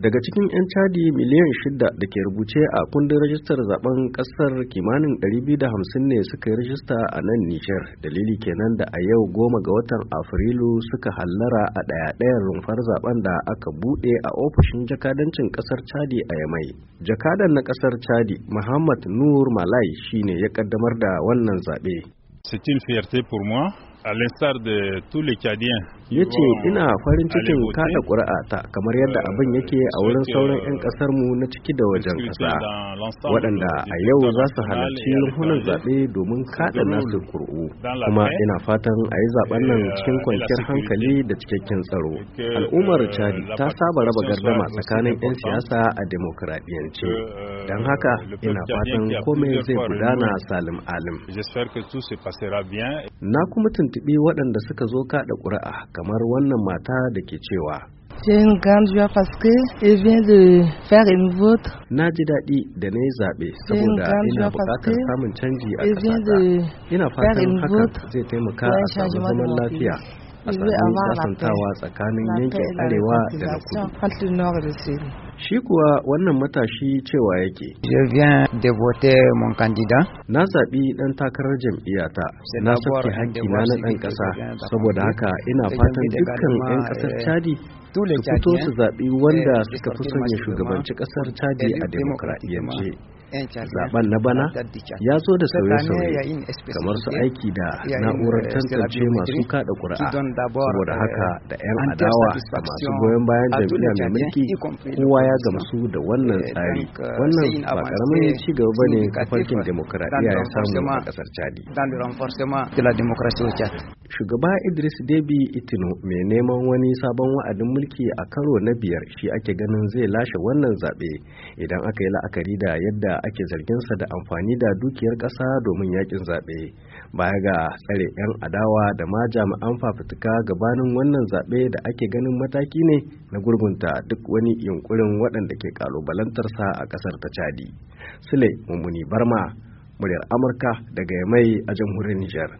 daga cikin 'yan cadi miliyan shida da ke rubuce a kundin rajistar zaben kasar kimanin 250 ne suka yi rajista a nan nijar dalili kenan da a yau goma ga watan afrilu suka hallara a ɗaya-ɗayan rumfar zaben da aka buɗe a ofishin jakadancin kasar cadi a yamai jakadan na kasar cadi muhammad nur malai shine ya kaddamar da wannan zaɓe. ya ce ina farin cikin kada ƙuri'a ta kamar yadda euh, abin yake a wurin sauran 'yan ƙasar mu na ciki da wajen ƙasa waɗanda a yau za su halarci hunan zaɓe domin kada nasu kur'u kuma ina fatan a yi zaɓen nan euh, cikin kwanciyar hankali da cikakken tsaro al'ummar euh, chadi ta saba raba gardama tsakanin 'yan siyasa a demokuraɗiyance don haka ina fatan komai zai gudana salim alim na kuma tuntuɓi waɗanda suka zo kaɗa ƙuri'a kamar wannan mata da ke cewa Na ji daɗi da na yi zaɓe saboda ina buƙatar samun canji a ƙasa Ina fatan hakan zai taimaka a samun zaman lafiya a sasantawa tsakanin yankin arewa da na kudu shi kuwa wannan matashi cewa yake na zaɓi ɗan takarar jam'iyyata na sauke hakkina na na ɗan ƙasa saboda haka ina fatan dukkan 'yan euh, ƙasar chadi su fito su zaɓi wanda suka fi son ya shugabanci ƙasar chadi a demokradiyyance zaben na bana ya zo da sauye-sauye kamar su aiki da eh, na'urar tantance masu kada ƙuri'a saboda eh, haka da 'yan adawa da masu goyon bayan jam'iyya mai mulki kowa ya gamsu da wannan eh, tsari wannan ba karamin ci gaba bane farkin demokuraɗiyya ya samu a ƙasar cadi shugaba idris debi itino mai neman wani sabon wa'adin mulki a karo na biyar shi ake ganin zai lashe wannan zaɓe idan aka yi la'akari da yadda ake zarginsa da amfani da dukiyar ƙasa domin yakin zaɓe baya ga tsare 'yan adawa da ma jami'an fafutuka gabanin wannan zaɓe da ake ganin mataki ne na gurgunta duk wani yunkurin waɗanda ke ƙalubalantarsa a ƙasar ta Chadi. Sule Mummuni Barma, muryar Amurka daga Yamai a jamhuriyar Nijar.